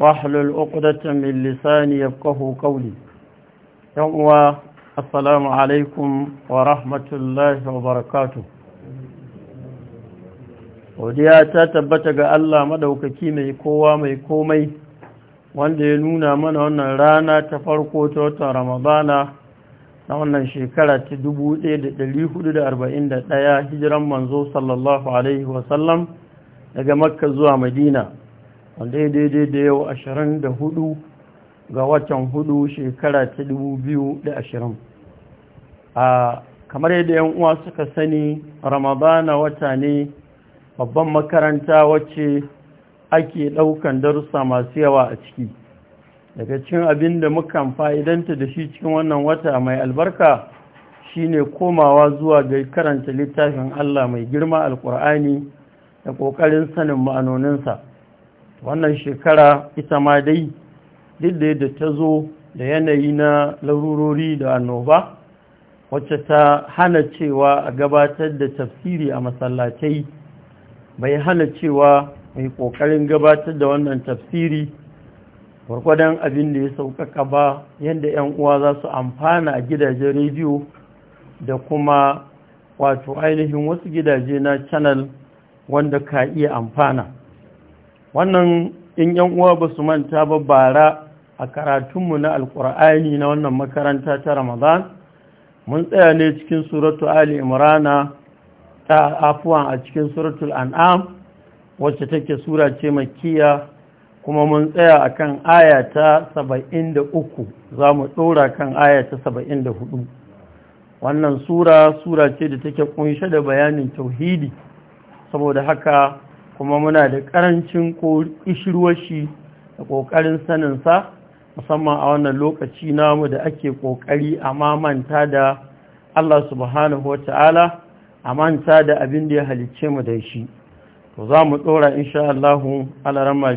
واحلل عقدة من لساني 'Yan uwa يوم alaikum wa rahmatullahi wa barakatu' godiya ta tabbata ga Allah madaukaki mai kowa mai komai wanda ya nuna mana wannan rana ta farko ta watan ramadana na wannan shekara ta 1441 hijiran manzo sallallahu alaihi wasallam daga makka zuwa madina a daidai da yau ashirin da hudu ga watan hudu shekara ta dubu biyu da ashirin a kamar yadda yan uwa suka sani ramadana wata ne babban makaranta wacce ake ɗaukan darussa masu yawa a ciki daga cikin abin da mukan fa'idanta da shi cikin wannan wata mai albarka shine komawa zuwa ga karanta littafin Allah mai girma alkur'ani da ƙoƙarin sanin ma'anoninsa wannan shekara ita ma dai duk yadda ta zo da yanayi na larurori da annoba wacce ta hana cewa a gabatar da tafsiri a masallatai bai hana cewa mai kokarin gabatar da wannan tafsiri gwargwadon abin da ya sauƙaƙa ba yadda 'yan uwa za su amfana a gidajen rediyo da kuma wato ainihin wasu gidaje na canal wanda ka iya amfana wannan in yan uwa ba su manta ba bara a karatunmu na alkur'ani na wannan makaranta ta ramadan mun tsaya ne cikin suratu ali imrana ta afuwan a cikin suratul an'am wacce take sura ce makiya kuma mun tsaya akan aya ta 73 za mu ɗora kan saba'in da 74 wannan sura sura ce da take kunshe da bayanin tauhidi saboda haka kuma muna da ƙarancin ƙishirwashi da ƙoƙarin saninsa musamman a wannan lokaci namu da ake ƙoƙari a mamanta da Allah subhanahu wa ta'ala a manta da abin da ya halicce mu da shi to za mu ɗora insha Allah alarama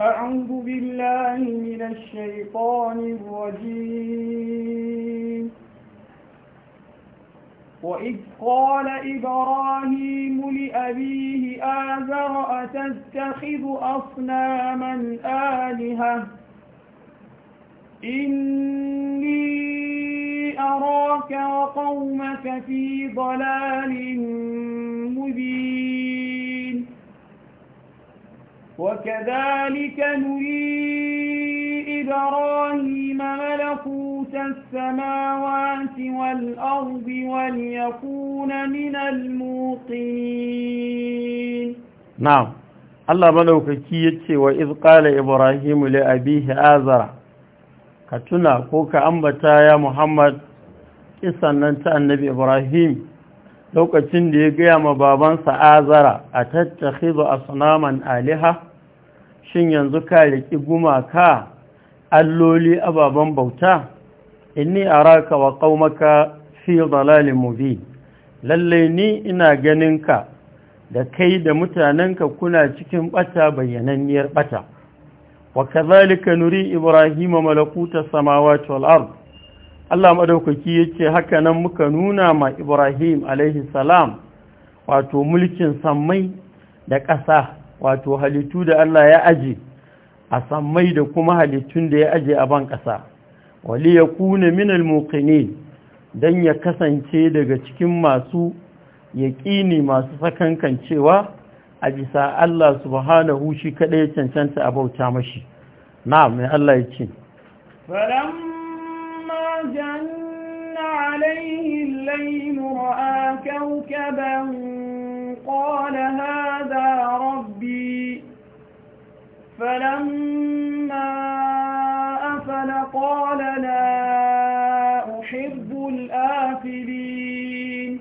أعوذ بالله من الشيطان الرجيم وإذ قال إبراهيم لأبيه آذر أتتخذ أصناما آلهة إني أراك وقومك في ضلال مبين وكذلك نريد إبراهيم ملكوت السماوات والأرض وليكون من الموقنين نعم الله ملوك كيتي وإذ قال إبراهيم لأبيه آزر كتنا كوك أنبتا يا محمد إسان النبي إبراهيم lokacin da ya gaya ma babansa azara a tattakhidhu asnaman aliha shin yanzu ka riki gumaka alloli ababen bauta inni araka wa qaumaka fi dalalin mubin lalle ni ina ganin ka da kai da mutanenka kuna cikin bata bayyananniyar bata wa kazalika nuri ibrahima malakuta samawati wal ard Allah madaukaki yace haka nan muka nuna ma Ibrahim alaihi salam wato mulkin samai da ƙasa wato halittu da Allah ya aji a mai da kuma halittun da ya aje a ban ƙasa wali ya kuna minal muqini don ya kasance daga cikin masu yaƙini masu sakankan cewa a bisa Allah su subhanahu Hushi kaɗai ya cancanta a bauta mashi Na mai Allah ya ce falamma janna rabbi فلما أفل قال لا أحب الآفلين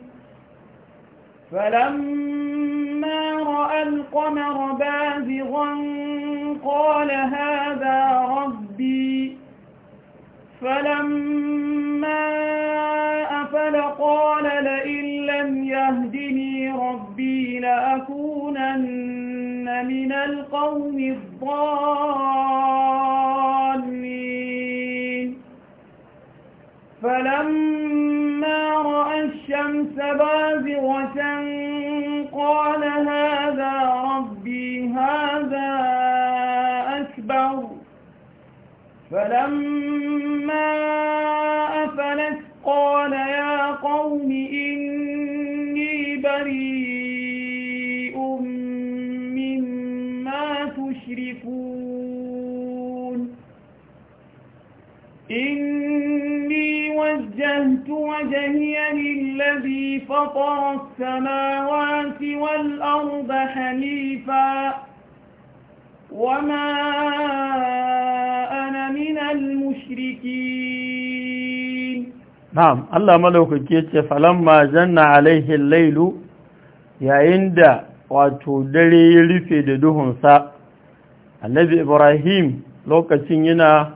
فلما رأى القمر بازغا قال هذا ربي فلما فلقال لَئِن لَّمْ يَهْدِنِي رَبِّي لَأَكُونَنَّ مِنَ الْقَوْمِ الضَّالِّينَ فَلَمَّا رَأَى الشَّمْسَ بَازِغَةً قَالَ هَذَا رَبِّي هَذَا أَكْبَرُ فَلَمَّا أَفَلَتْ قال يا قوم إني بريء مما تشركون إني وجهت وجهي للذي فطر السماوات والأرض حنيفا وما أنا من المشركين na'am Allah malaukake ce falamma janna alaihi lailu yayin da wato dare ya rufe da duhunsa annabi ibrahim lokacin yana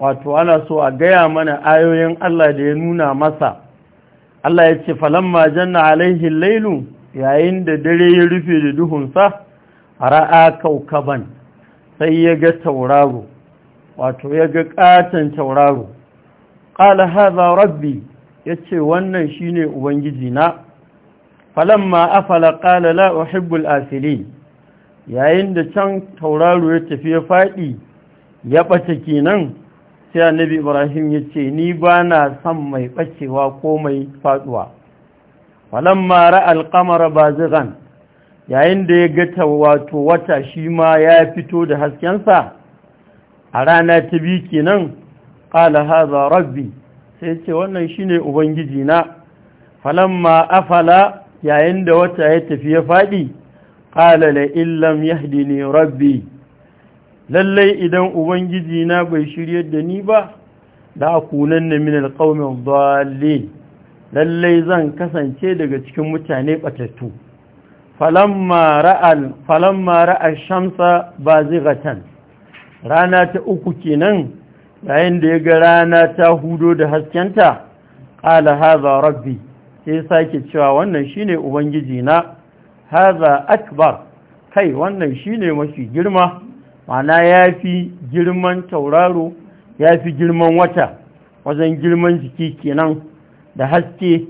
wato ana so a gaya mana ayoyin Allah da ya nuna masa Allah ya ce falamma janna alaihi lailu yayin da dare ya rufe da duhunsa ra'a kaukaban sai ya ga tauraro wato ya ga katon tauraro qala hadha rabbi yace wannan shine ubangiji na falamma afala qala la uhibbu al-asilin yayin da can tauraro ya tafi ya faɗi, ya bace kenan sai annabi ibrahim yace ni bana son mai ɓacewa ko mai faduwa falamma ra al-qamara bazigan yayin da ya ga wato wata shi ma ya fito da haskensa a rana ta biyu kenan ƙala haza rabbi sai ce wannan shine ubangiji na falamma afala yayin da wata ya tafi ya faɗi ƙala la illam yahdini rabbi lallai idan ubangiji na bai shiryar da ni ba da akunan na minal ƙaunar dalil lallai zan kasance daga cikin mutane ɓatattu falamma ra'al falamma ba shamsa gatan. rana ta uku kenan yayin da ya ga rana ta hudo da haskenta ƙala haza rabbi sai sake cewa wannan shine ubangiji na haza akbar kai wannan shine mafi girma mana ya fi girman tauraro ya fi girman wata wajen girman jiki kenan da haske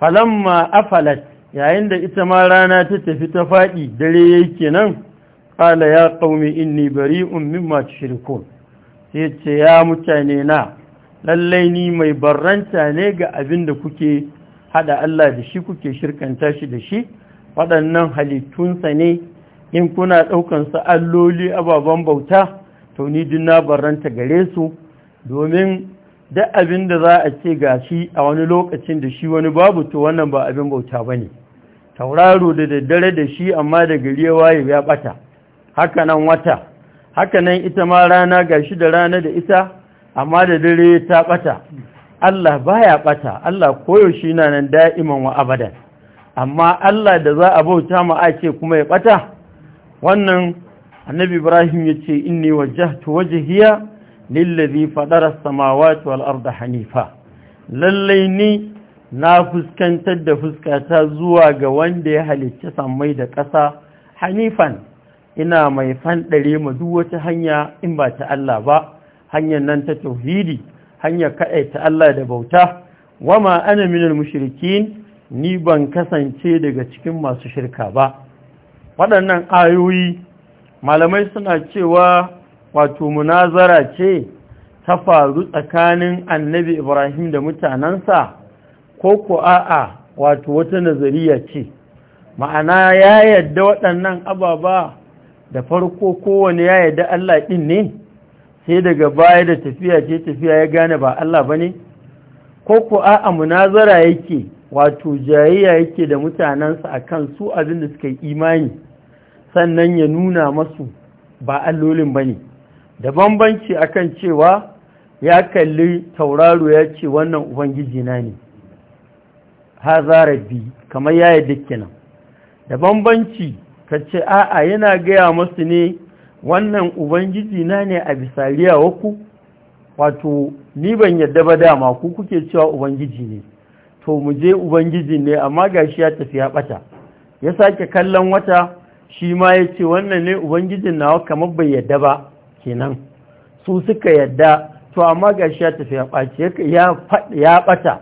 falamma afalat yayin da ita ma rana ta tafi ta faɗi dare yake nan ƙala ya ƙaumi inni bari'un mimma tushrikun sai ce ya mutane na lallai ni mai barranta ne ga abin da kuke hada Allah da shi kuke shirkanta shi da shi waɗannan halittunsa ne in kuna ɗaukansu alloli ababen bauta to ni na barranta gare su domin da abin da za a ce ga shi a wani lokacin da shi wani babu to wannan ba abin bauta ba ne tauraro da daddare da shi amma da gariyawa ya bata ya ɓata haka nan wata hakanan ita ma rana shi da rana da ita amma da dare ta bata Allah baya ɓata, Allah koyaushe yana nan da'iman wa abadan amma Allah da za a bauta ma ake kuma ya bata wannan annabi Ibrahim yace inni wajjahtu wajhiya lillazi fadara as-samawati wal arda hanifa lallai ni na fuskantar da fuskata zuwa ga wanda ya halicci sammai da ƙasa hanifan ina mai fanɗare ma duk wata hanya in ba ta Allah ba hanyar nan ta tauhidi hanyar kaɗai ta Allah da bauta wama ana minar mushrikin ni ban kasance daga cikin masu shirka ba waɗannan ayoyi malamai suna cewa wato munazara ce ta faru tsakanin annabi ibrahim da mutanensa ko ko a'a wato wata nazariya ce ma'ana ya yadda waɗannan ababa da farko kowane ya yarda Allah ɗin ne sai daga baya da tafiya ce tafiya ya gane ba Allah ba ne ko ku a'a munazara yake wato jayayya yake da mutanensa a kan su abin da suka yi imani sannan ya nuna masu ba allolin ba ne da bambanci akan cewa ya kalli tauraro ya ce wannan ubangiji na ne ha rabbi kamar ya yi dukkanin da bambanci ta ce a'a yana gaya masu ne wannan ubangiji na ne a bisariya waku wato ni ban yadda ba dama ku kuke cewa ubangiji ne to mu je ubangiji ne amma gashi ya tafi ya bata ya sake kallon wata shi ma ya ce wannan ne ubangijin nawa kamar bai yadda ba kenan su suka yadda to amma gashi ya tafi ya bace ya bata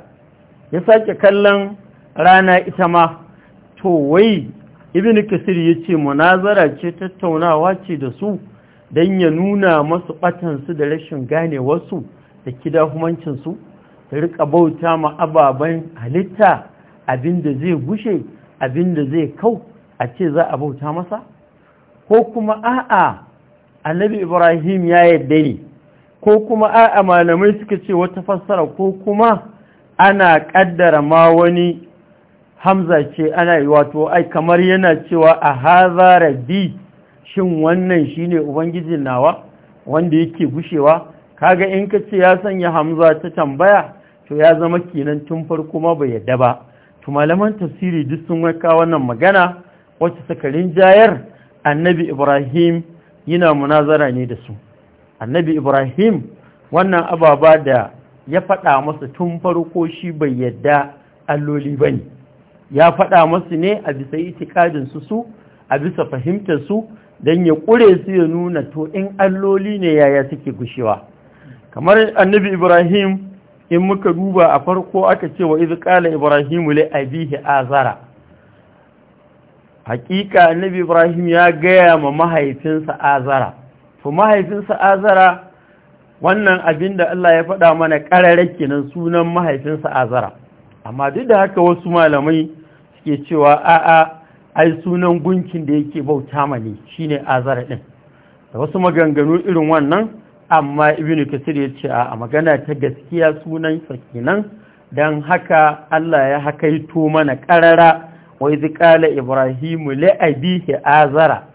ya sake kallon rana ita ma to wai ibn kasir ya ce munazara ce tattaunawa ce da su don ya nuna masu batansu da rashin gane wasu da kidahumancinsu da rika bauta ma ababen halitta abinda zai gushe abinda zai kau a ce za a bauta masa ko kuma a'a annabi ibrahim ya yadda ne ko kuma a'a malamai suka ce wata fassara ko kuma ana kaddara ma wani hamza ce ana yi wato ai kamar yana cewa a haza rabi shin wannan shine ubangiji nawa wanda yake gushewa kaga in ka ce ya sanya hamza ta tambaya to ya zama kenan tun farko ma bai yadda ba to malaman tafsiri duk sun waka wannan magana wacce sakarin jayar annabi ibrahim yana munazara ne da su annabi ibrahim wannan ababa da ya faɗa masa tun farko shi bai yadda alloli ba ne ya faɗa masu ne a bisa itikadinsu su su a bisa fahimtar su don ya ƙure su ya nuna to in alloli ne yaya suke gushewa kamar annabi ibrahim in muka duba a farko aka ce wa izu ƙala ibrahimu lai abihi azara hakika annabi ibrahim ya gaya ma mahaifinsa azara to mahaifinsa azara wannan abin da Allah ya faɗa mana ƙararraki nan sunan mahaifinsa azara amma duk da haka wasu malamai ke cewa a'a ai sunan gunkin da yake bauta mani shine azara din da wasu maganganu irin wannan amma ibnu kasir ya ce a magana ta gaskiya sunan kenan dan haka Allah ya hakaito mana karara wai zikala ibrahimu abihi azara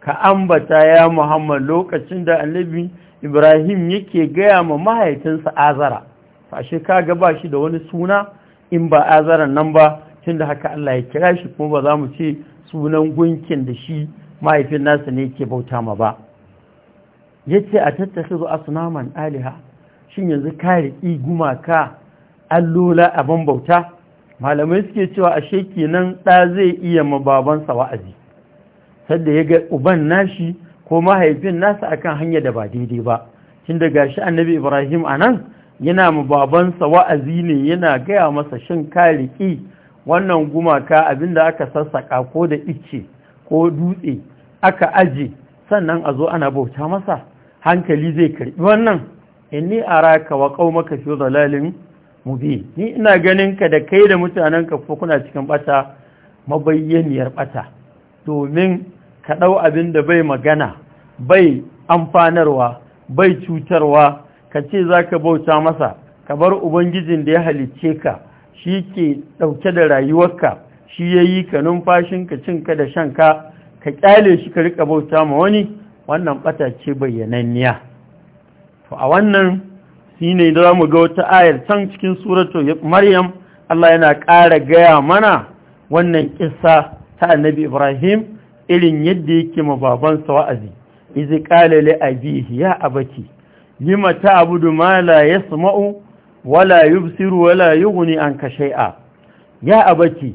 ka ambata ya muhammad lokacin da annabi ibrahim yake gaya ma mahaifinsa azara fashe kaga ba shi da wani suna in ba azaran nan ba tun da haka Allah ya kira shi kuma ba za mu ce sunan gunkin da shi mahaifin nasa ne ke bauta ma ba ya ce a tattasa zuwa sunaman aliha shin yanzu kare iguma ka, allola abin bauta malamai suke cewa ashe kenan ɗa zai iya babansa wa'azi sadda ya ga uban nashi ko mahaifin nasa akan hanya da ba daidai ba tun da gashi annabi ibrahim a nan yana babansa wa'azi ne yana gaya masa shin kare ƙi. wannan gumaka abin da aka sassaka ko da ice ko dutse aka aje sannan a zo ana bauta masa hankali zai karbi wannan inni araka wa qaumaka fi dhalalin mubin ni ina ganin ka da kai da mutanen ka ko kuna cikin bata mabayyaniyar bata domin ka dau abin da bai magana bai amfanarwa bai cutarwa ka ce zaka bauta masa ka bar ubangijin da ya halicce ka shi ke ɗauke da rayuwarka shi ya yi ka numfashinka cinka da shanka ka ƙyale shi ka riƙa bauta ma wani wannan ɓata ce bayyananniya to a wannan shi ne da mu ga wata ayar can cikin suratu maryam Allah yana ƙara gaya mana wannan ƙisa ta annabi ibrahim irin yadda yake ma babansa wa'azi izi ƙalale abihi ya abaki lima ta abudu ma la yasma'u wala yubsiru wala yughni anka shay'a ya abati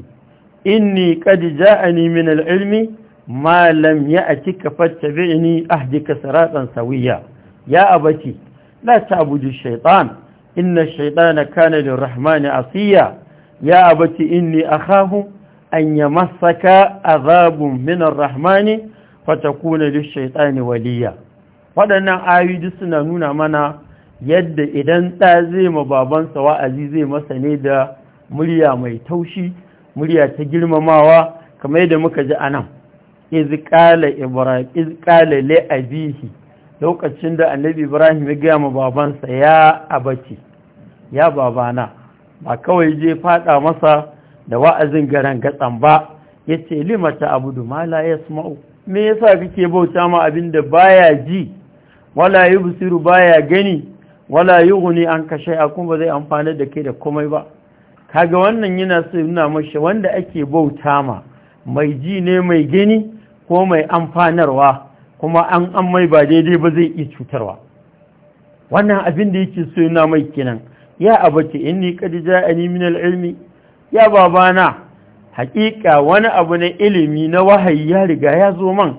inni qad ja'ani min al-ilmi ma lam ya'tika fattabi'ni ahdika siratan sawiya ya abati la ta'budu ash-shaytan inna ash-shaytana kana lir-rahmani 'asiya ya abati inni akhafu an yamassaka adhabun min ar-rahmani fatakuna lish-shaytani waliya wadannan ayoyi suna nuna mana yadda idan ɗa zai ma babansa wa'azi zai masa ne da murya mai taushi murya ta girmamawa kamar yadda muka ji anan izkala ibrahim izkala la'abihi, lokacin da annabi ibrahim ya gaya ma babansa ya abace ya babana ba kawai je fada masa da wa'azin garan gatsan ba ya ce, limata a ma la yasma'u me yasa kake bauta ma abin da baya ji wala basiru baya gani wala yughni kashe shay'a kuma ba zai amfana da kai da komai ba kaga wannan yana so mashi wanda ake bauta ma mai ji ne mai gani ko mai amfanarwa kuma an an mai ba daidai ba zai iya cutarwa wannan abin da yake so yana mai kenan ya abati inni kadija ja'ani min al-ilmi ya na, haƙiƙa wani abu na ilimi na wahayi ya riga ya zo man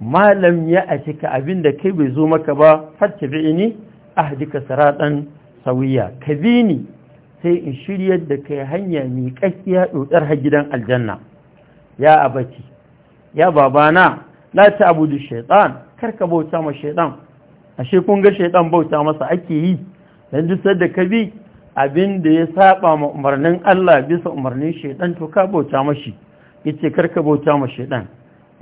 malam ya a cika abin da kai bai zo maka ba ini ahdika siratan sawiya ka bini sai in shiryar da kai hanya mai kakkiya dotsar har gidan aljanna ya abati ya babana la ta'budu shaytan karka bauta ma shaytan ashe kun ga shaytan bauta masa ake yi dan duk da ka bi abin da ya saba ma umarnin Allah bisa umarnin shaytan to ka bauta mashi yace karka bauta ma shaytan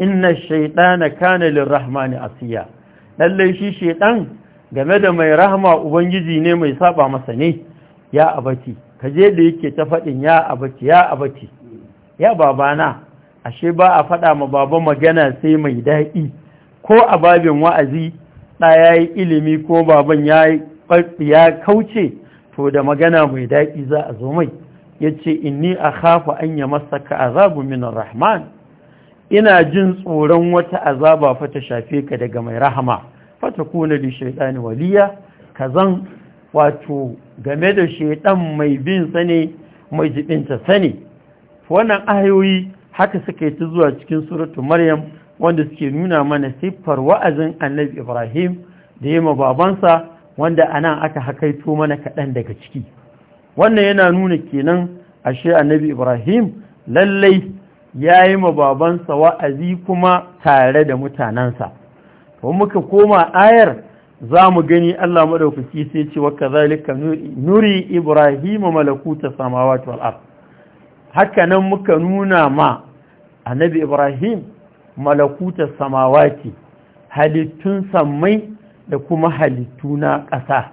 inna shaytana kana lirrahmani asiya lalle shi shaytan game da mai rahama ubangiji ne mai saba masa ne ya ka je da yake ta faɗin ya abaci, ya abaci, ya babana ashe ba a faɗa ma baba magana sai mai daɗi ko a babin wa'azi ɗa ya yi ilimi ko baban ya kauce to da magana mai daɗi za a zo mai ya ce inni a khafa an yi masaka azabu min rahman ina jin tsoron wata azaba fa ta shafe ka daga mai rahama fatakuna li shaidani waliya kazan wato game da shaiɗan mai bin sane mai jibinta sani. wannan ahayoyi haka suka yi ta zuwa cikin suratu maryam wanda suke nuna mana siffar wa'azin annabi ibrahim da yi ma babansa wanda nan aka hakaito mana kaɗan daga ciki wannan yana nuna kenan ashe annabi ibrahim lallai ya yi ma babansa wa'azi kuma tare da mutanensa wa muka koma ayar za mu gani Allah madaukaki sai ce wa kazalika nuri ibrahima malakuta samawati wal ard haka nan muka nuna ma annabi ibrahim malakuta samawati halittun sammai da kuma halittu na ƙasa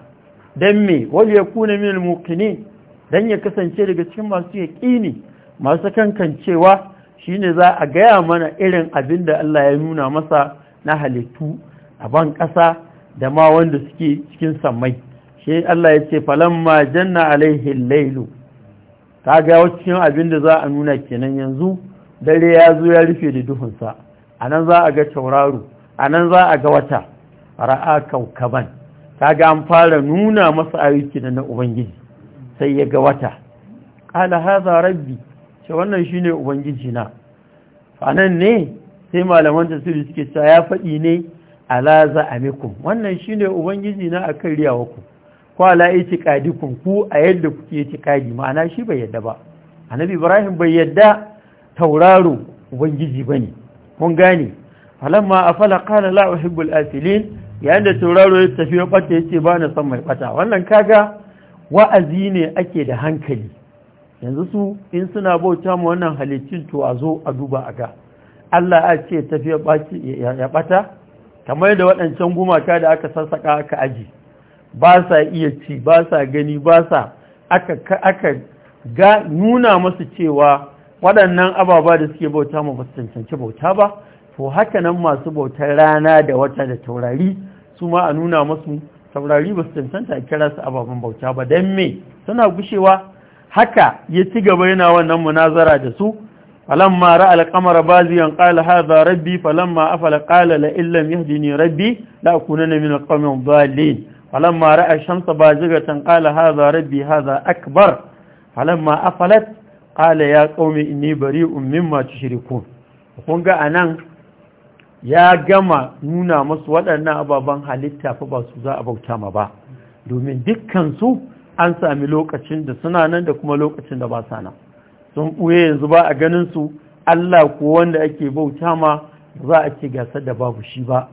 don me wani ya kuna min mukini dan ya kasance daga cikin masu yaƙini masu kankancewa shine za a gaya mana irin abin da Allah ya nuna masa na halittu a ban ƙasa da ma wanda suke cikin sammai shi Allah ya ce falamma janna alaihi lailu ta ga cikin abin da za a nuna kenan yanzu dare ya zo ya rufe da duhunsa a nan za a ga tauraro a nan za a ga wata ra'a kaukaban ta ga an fara nuna masa ayyuki na ubangiji sai ya ga wata ƙala haza rabbi ce wannan shine ubangiji na fanan ne sai malaman suri suke cewa ya faɗi ne ala za'amikum wannan shine ubangiji na akan riyawaku ko ala itiqadikum ku a yadda kuke kadi ma'ana shi bai yadda ba annabi ibrahim bai yadda tauraro ubangiji bane kun gane falamma afala qala la al asilin yayin da tauraro ya tafi ya bata yace ba na son mai bata wannan kaga wa'azi ne ake da hankali yanzu su in suna bauta ma wannan halittun to a zo a duba a ga Allah a ce baki ya bata kamar da waɗancan gumaka da aka sassaka aka aji ba sa iya ci ba sa gani ba sa aka ga nuna masu cewa waɗannan ababa da suke bauta ma basu cancanci bauta ba to haka nan masu bautar rana da wata da taurari su ma a nuna masu taurari basu su cancanta a kira su ababen bauta ba don me suna gushewa haka ya ci gaba yana wannan munazara da su falan ma ra alƙamara ba ziyan ƙala ha ba rabbi falan ma afal ƙala la illan ya ne rabbi da a kuna na mina ƙwamin ba falan ma ra a shansa ba ƙala ha ba rabbi ha falan ma ƙala ya ƙaume in ne bari in min ma ci shiriku ga anan ya gama nuna masu waɗannan ababen halitta fa ba su za a bauta ma ba domin dukkansu an sami lokacin da suna nan da kuma lokacin da ba nan sun ɓuye yanzu ba a ganin su Allah ko wanda ake bauta ma za a ce gasar da babu shi ba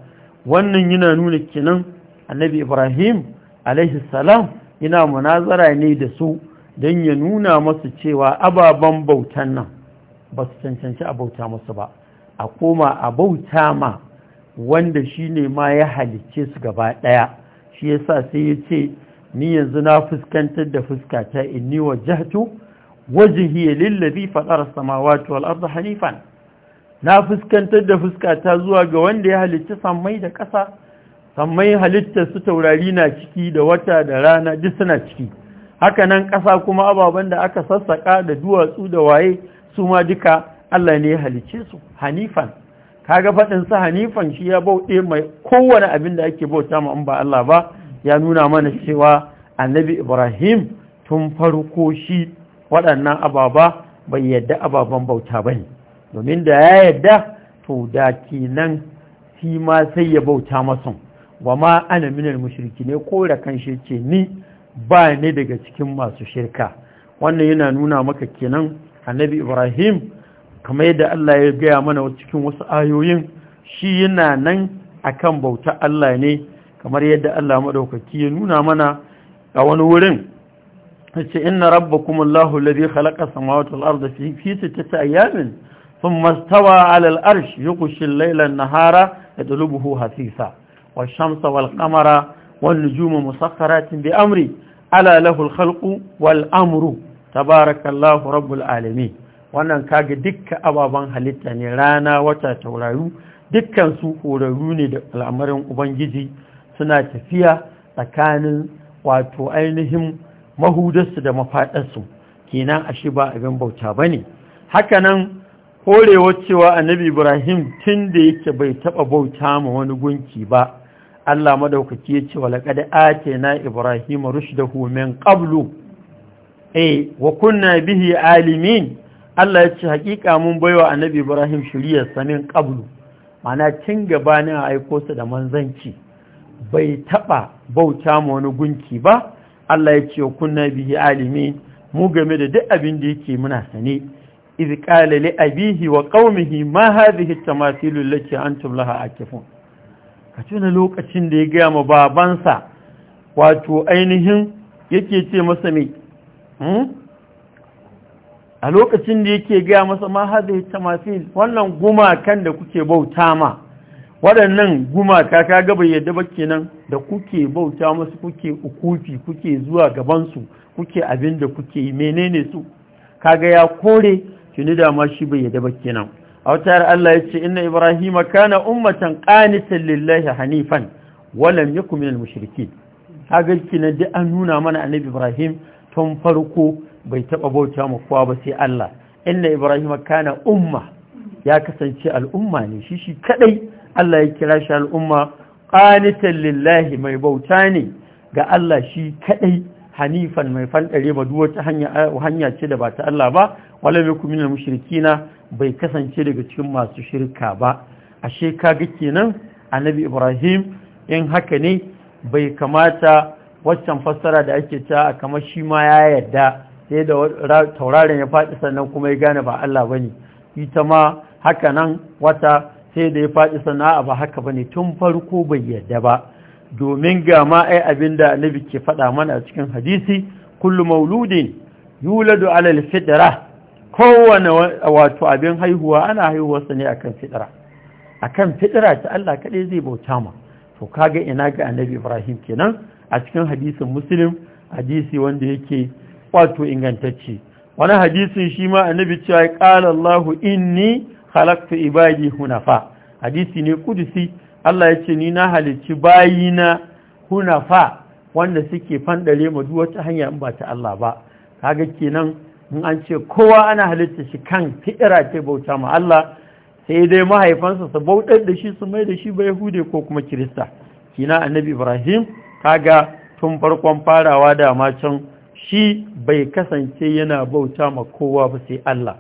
wannan yana nuna kenan annabi Ibrahim alaihi salam yana munazara ne da su don ya nuna masu cewa ababen bautan nan ba su cancanci a bauta masu ba a koma a bauta ma wanda shi ne ma ya halicce su gaba ɗaya shi sa sai ya ce ni yanzu na fuskantar da fuskata inni wajahtu wajhiya lillazi fatara samawati wal arda hanifan na fuskantar da fuska ta zuwa ga wanda ya halitta sammai da ƙasa sammai halittar su taurari na ciki da wata da rana duk suna ciki haka nan ƙasa kuma ababen da aka sassaka da duwatsu da waye su ma duka Allah ne ya halicce su hanifan kaga faɗin sa hanifan shi ya bauɗe mai kowane abin da ake bauta ma in ba Allah ba ya nuna mana cewa annabi Ibrahim tun farko shi waɗannan ababa bai yadda ababen bauta ba ne domin da ya yadda to da kenan shi ma sai ya bauta masu wa ma ana minar mashirki ne ko da kan shirke ni ba ne daga cikin masu shirka wannan yana nuna maka kenan annabi ibrahim kamar yadda allah ya gaya mana cikin wasu ayoyin shi yana nan akan bauta allah ne kamar yadda allah maɗaukaki ya nuna mana a wani wurin ce inna rabba Allahu alladhi khalaqa samawati wal arda fi fi ta ayamin thumma sun 'ala al-arsh yughshi al-layla an da yatlubuhu hasisa wash-shamsa wal-qamara wan-nujuma musakhkharatin bi amri ala lahu khalqu wal-amru tabarakallahu rabbul alamin wannan kaga dukkan ababen halitta ne rana wata taurari dukkan su horarru ne da al'amarin ubangiji suna tafiya tsakanin wato ainihin mahudarsu da mafaɗarsu kenan a shi ba abin bauta ba ne hakanan horewa cewa annabi ibrahim tun da yake bai taɓa bauta ma wani gunki ba allah madaukaki ya ce kada, ake na ibrahim rushdahu min qablu eh wa kunna bihi alimin allah ya ce haƙiƙa mun baiwa annabi ibrahim shiriyarsa min qablu mana tun gabanin a aiko su da manzanci bai taɓa bauta ma wani gunki ba Allah ya ce kunna bihi alimin mu game da duk abin da yake muna sane iz qala li abihi wa qaumihi ma hadhihi at-tamathil allati antum laha akifun ka tuna lokacin da ya gaya ma babansa wato ainihin yake ce masa me hmm? a lokacin da yake gaya masa ma hadhihi at-tamathil wannan kan da kuke bauta ma waɗannan gumaka ka gaba yadda ba kenan da kuke bauta masu kuke ukufi kuke zuwa gabansu kuke abin da kuke menene su kaga ya kore tuni da ma shi bai yadda ba kenan a wata Allah ya ce inna ibrahima kana ummatan qanitan lillahi hanifan walam yakun minal mushrikin kaga kina duk an nuna mana annabi ibrahim tun farko bai taba bauta ma kowa ba sai Allah inna ibrahima kana umma ya kasance al'umma ne shi shi kadai Allah ya kira shi al'umma qanitan lillahi mai bauta ne ga Allah shi kadai hanifan mai fanɗare ba duk wata hanya ce da ba ta Allah ba wala mai kuma minal na? bai kasance daga cikin masu shirka ba ashe kaga kenan annabi Ibrahim in haka ne bai kamata waccan fassara da ake ta kamar shi ma ya yarda sai da tauraron ya faɗi sannan kuma ya gane ba Allah bane ita ma haka nan wata sai da ya faɗi sana'a ba haka ba ne tun farko bai yarda ba domin ga ma ai abin da annabi ke faɗa mana a cikin hadisi kullu mauludin yuladu alal fitra kowane wato abin haihuwa ana haihuwarsa ne akan fitra akan fitra ta Allah kaɗai zai bauta ma to kaga ina ga annabi Ibrahim kenan a cikin hadisin muslim hadisi wanda yake wato ingantacce wani hadisin shi ma annabi cewa ya qala Allahu inni khalaqtu ibadi hunafa hadisi ne kudusi Allah ya ce ni na halicci bayina hunafa wanda suke fandare mu duk wata hanya in ba ta Allah ba kaga kenan in an ce kowa ana halitta shi kan fi'ira ce bauta ma Allah sai dai mahaifansa su bautar da shi su mai da shi ba yahude ko kuma kirista kina annabi ibrahim kaga tun farkon farawa da ma can shi bai kasance yana bauta ma kowa ba sai Allah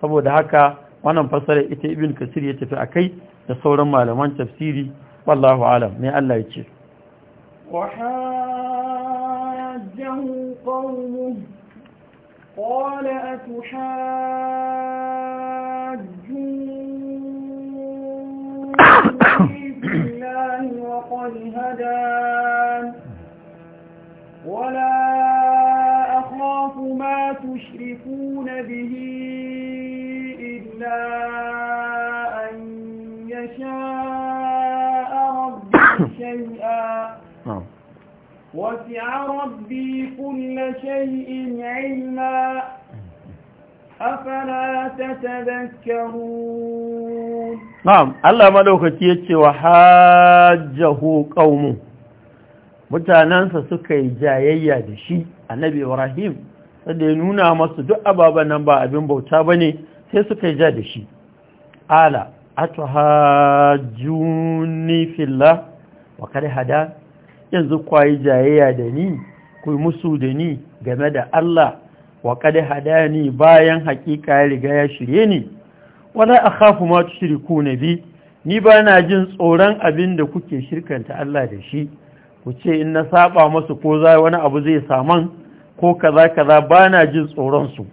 saboda haka wannan fasara ita ibn kasir ya tafi akai da sauran malaman tafsiri wallahu alam mai Allah ya ce وحاجه قومه قال ولا أخاف ما تشركون به أن يشاء ربي شيئا وسع ربي كل شيء علما أفلا تتذكرون نعم وحاجه قومه mutanensa suka yi jayayya da shi annabi ibrahim da ya nuna masu duk ababen nan ba abin bauta ba ne sai suka ja da shi ala atuhajjuni fillah wa kad hada yanzu kwayi jayayya da ni ku musu da ni game da Allah wa hada ni bayan hakika ya riga ya shirye ni wala akhafu ma na bi ni ba na jin tsoron abin da kuke shirkanta Allah da shi ku ce in na saba masu ko za wani abu zai saman ko kaza kaza ba na jin tsoron su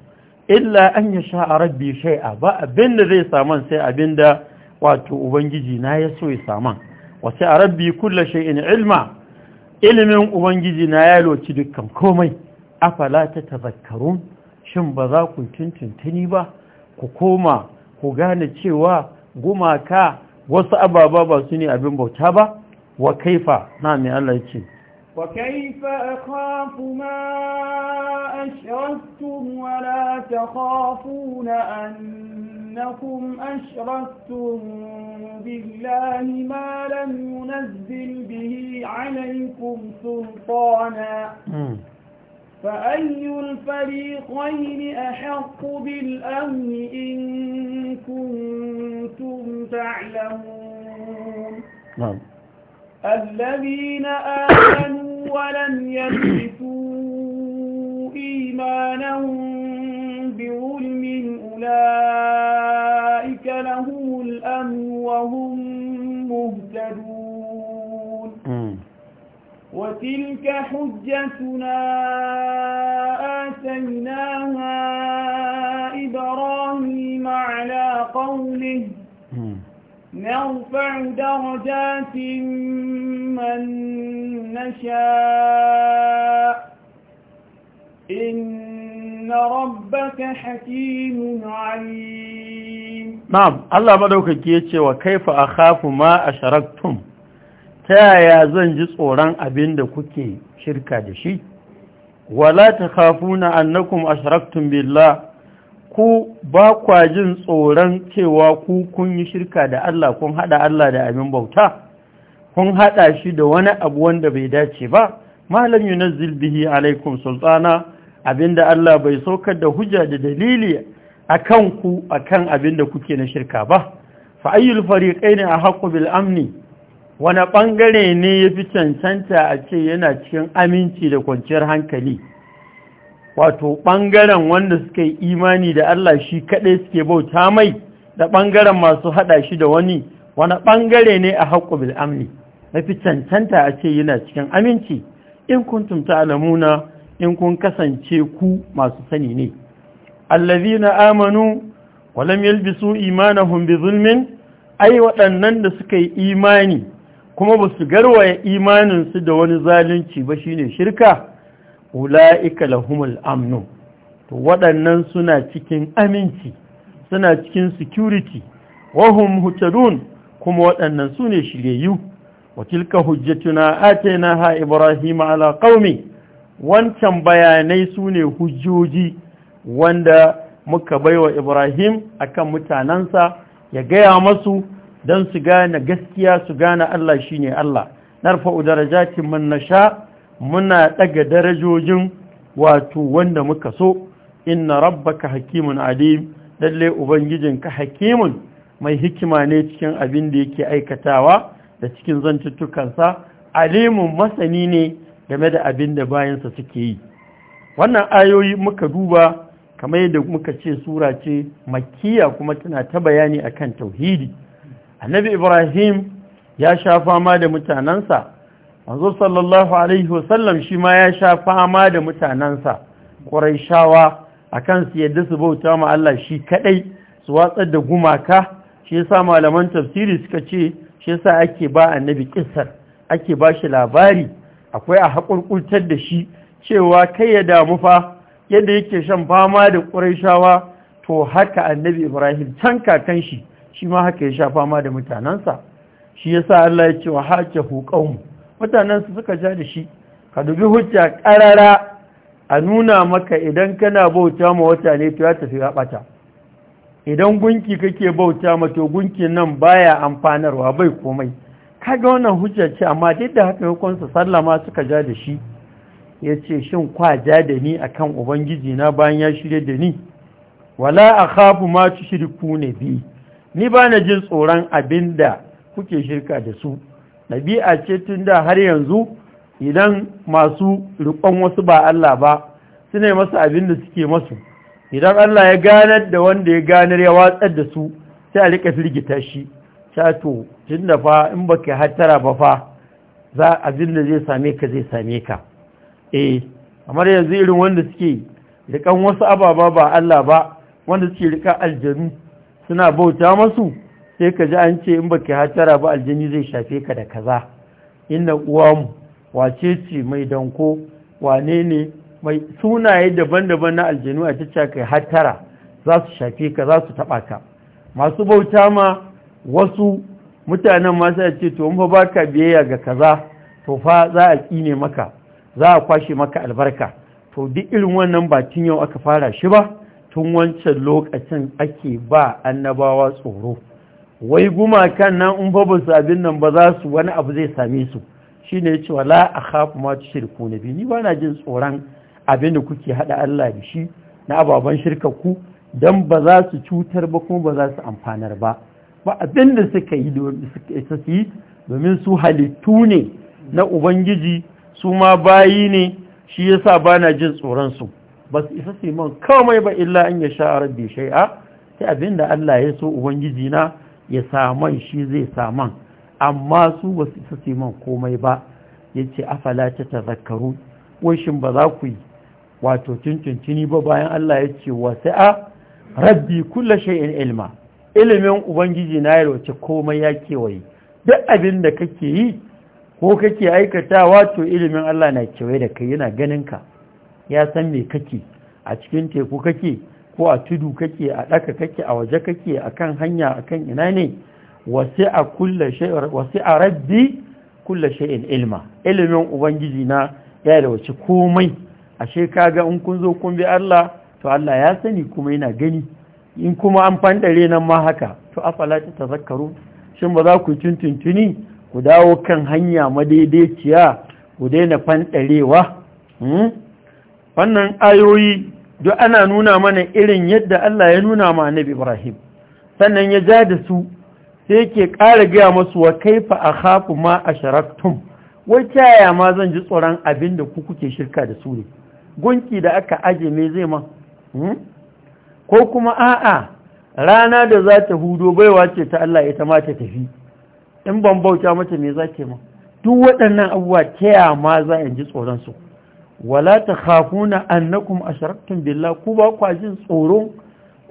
illa an ya sha a rabbi shai'a ba abin da zai saman sai abin da wato ubangiji na ya so ya saman wasu a rabbi kulla in ilma ilimin ubangiji na ya loci dukkan komai afala ta Zakarun, shin ba za ku tuntuntuni ba ku koma ku gane cewa gumaka wasu ababa ba su ne abin bauta ba wa kaifa na mai Allah ce وكيف أخاف ما أشركتم ولا تخافون أنكم أشركتم بالله ما لم ينزل به عليكم سلطانا فأي الفريقين أحق بالأمن إن كنتم تعلمون نعم الذين آمنوا ولم يلبسوا إيمانهم بظلم أولئك لهم الأمن وهم مهتدون وتلك حجتنا آتيناها إبراهيم على قوله نرفع درجات من نشاء إن ربك حكيم عليم نعم الله مدوك كيتش وكيف أخاف ما أشركتم تايا زنجس أوران أبين دكوكي شركة دشي ولا تخافون أنكم أشركتم بالله ku ba kwa jin tsoron cewa ku kun yi shirka da Allah kun haɗa Allah da abin bauta kun haɗa shi da wani abu wanda bai dace ba malam yunazzil bihi alaikum sultana abinda Allah bai saukar da hujja da dalili akan ku akan abinda kuke na shirka ba fa ayyul fariqaini ahqqu bil amni wani bangare ne yafi cancanta a ce yana cikin aminci da kwanciyar hankali wato ɓangaren wanda suka yi imani da Allah shi kaɗai suke bauta mai da ɓangaren masu haɗa shi da wani wani ɓangare ne a haƙƙo bil mafi cancanta a ce yana cikin aminci in kun tumta alamuna, in kun kasance ku masu sani ne na amanu walam lam yalbisu imanahum bi zulmin ai waɗannan da suka yi imani kuma ba su garwaye imaninsu da wani zalunci ba shine shirka ula'ika lahumul amnu to waɗannan suna cikin aminci suna cikin security wahum hutadun kuma waɗannan su ne shiryayyu wa tilka hujjatuna atainaha ibrahim ala qaumi wancan bayanai su ne hujjoji wanda muka baiwa ibrahim akan mutanansa ya gaya masu don su gane gaskiya su gane Allah shine Allah narfa'u darajatin man nasha' muna ɗaga darajojin wato wanda muka so inna rabbaka hakimun alim lalle ubangijinka hakimun mai hikima ne cikin abin da yake aikatawa da cikin zantuttukansa alimun masani ne game da abin da bayansa suke yi wannan ayoyi muka duba kamar yadda muka ce sura ce makiya kuma tana ta bayani akan tauhidi annabi ibrahim ya sha fama da mutanansa. Wanzo sallallahu alaihi wasallam shi ma ya sha fama da mutanansa a kan su yadda su bauta ma Allah shi kaɗai, su watsar da gumaka shi ya sa malaman tafsiri suka ce shi ya sa ake ba annabi ƙisar ake ba shi labari akwai a haƙurƙurtar da shi cewa kai ya damu fa yadda yake shan fama da shawa? to haka annabi Ibrahim can kakan shi shi ma haka ya sha fama da mutanansa shi ya sa Allah ya ce wa hakahu mu? mutanen su suka ja da shi ka dubi hujja karara a nuna maka idan kana bauta ma wata ne to ya tafi ya bata idan gunki kake bauta ma to gunkin nan baya amfanarwa bai komai kaga wannan hujja ce amma duk da haka hukunsa sallama suka ja da shi ya ce shin kwa ja da ni akan ubangiji na bayan ya shirya da ni wala a khafu ma tushriku ne bi ni ba na jin tsoron abinda kuke shirka da su ɗabi'a ce tun da har yanzu idan masu riƙon wasu ba Allah ba su ne masu abin da suke masu idan Allah ya ganar da wanda ya ganar ya watsar da su sai a rika firgita shi shato tun da fa in ba ka hattara ba fa za abin da zai same ka zai same ka eh kamar yanzu irin wanda suke riƙon wasu ababa ba Allah ba wanda suke riƙa aljanu suna bauta masu sai ka ji an ce in baki hatara ba aljini zai shafe ka da kaza inna uwamu wace ce mai danko wane ne mai sunaye daban-daban na aljinu a cikin kai hatara za su shafe ka za su taba ka masu bauta ma wasu mutanen masu ya ce to fa baka biyayya ga kaza to fa za a tsine maka za a kwashe maka albarka to duk irin wannan ba tun yau aka fara shi ba tun wancan lokacin ake ba annabawa tsoro wai gumakan nan in fa ba su abin nan ba za su wani abu zai same su Shi ne shine la wala hafi ma shirku na biyu. ni ba na jin tsoron abin da kuke haɗa Allah da shi na ababen shirkaku ku dan ba za su cutar ba kuma ba za su amfanar ba ba abin da suka yi domin su halittu ne na ubangiji su ma bayi ne shi yasa ba na jin tsoron su ba su isa su yi man kawai ba illa an ya sha rabbi shai'a sai abin da Allah ya so ubangiji na ya saman shi zai saman amma su ba su isa man komai ba ya ce afala ta zakaru washin ba za ku yi wato cincincini ba bayan Allah ya ce wasu a rabbi kula shay'in ilma ilimin ubangiji na yarwace komai ya kewaye duk abin da kake yi ko kake aikata, wato ilimin Allah na kewaye da kai yana ganin ka. ya san me kake a cikin teku kake ko a tudu kake a ɗaka kake a waje kake a kan hanya a kan ina ne wasu a rabbi kulla sha'in ilma ilimin ubangiji na ya wace komai ashe kaga in kun zo kun bi Allah to Allah ya sani kuma yana gani in kuma an fandare nan ma haka to afala ta zakaru. shin ba za ku tuntuntuni ku dawo kan hanya madaidaiciya ku daina fandarewa hmm? wannan ayoyi duk ana nuna mana irin yadda Allah ya nuna ma annabi Ibrahim sannan ya ja da su sai yake ƙara gaya masu wa kaifa akhafu ma asharaktum wai taya ma zan ji tsoron abin da ku kuke shirka da su ne gunki da aka aje me zai ma hmm? ko kuma a'a rana da za ta hudo baiwa ce ta Allah ita ma ta tafi in ban bauta mata me za ke ma duk waɗannan abubuwa taya ma za in ji tsoron su wala takhafuna annakum asharaktum billah ku ba ku jin tsoron